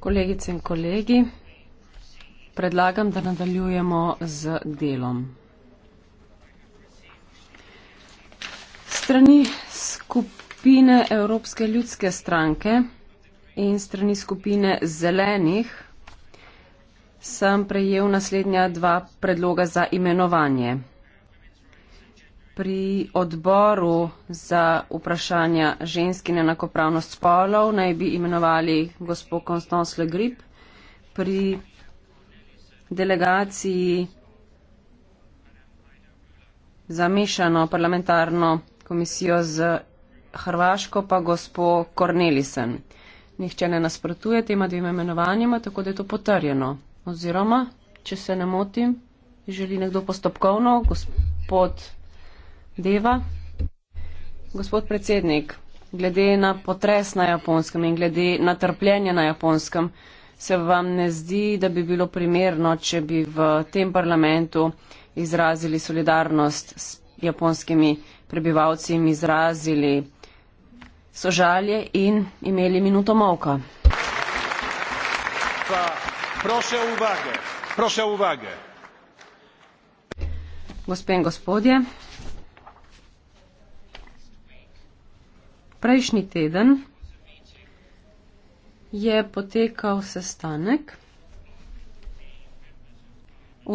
kolegice in kolegi predlagam da nadaljujemo z delom strani skupine evropske ljudske stranke in strani skupine zelenih sem prejel naslednja dva predloga za imenovanje pri odboru za vprašanja ženskine enakopravnost spolov naj bi imenovali gospod Konstantin Legrip, pri delegaciji za mešano parlamentarno komisijo z Hrvaško pa gospod Kornelisen. Nihče ne nasprotuje tema dvema imenovanjima, tako da je to potrjeno. Oziroma, če se ne motim, želi nekdo postopkovno, gospod. Deva. Gospod predsednik, glede na potres na japonskem in glede na trpljenje na japonskem, se vam ne zdi, da bi bilo primerno, če bi v tem parlamentu izrazili solidarnost s japonskimi prebivalci in izrazili sožalje in imeli minuto molka. Proše uvage, proše uvage. Gospe in gospodje, Prejšnji teden je potekal sestanek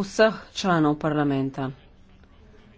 vseh članov parlamenta.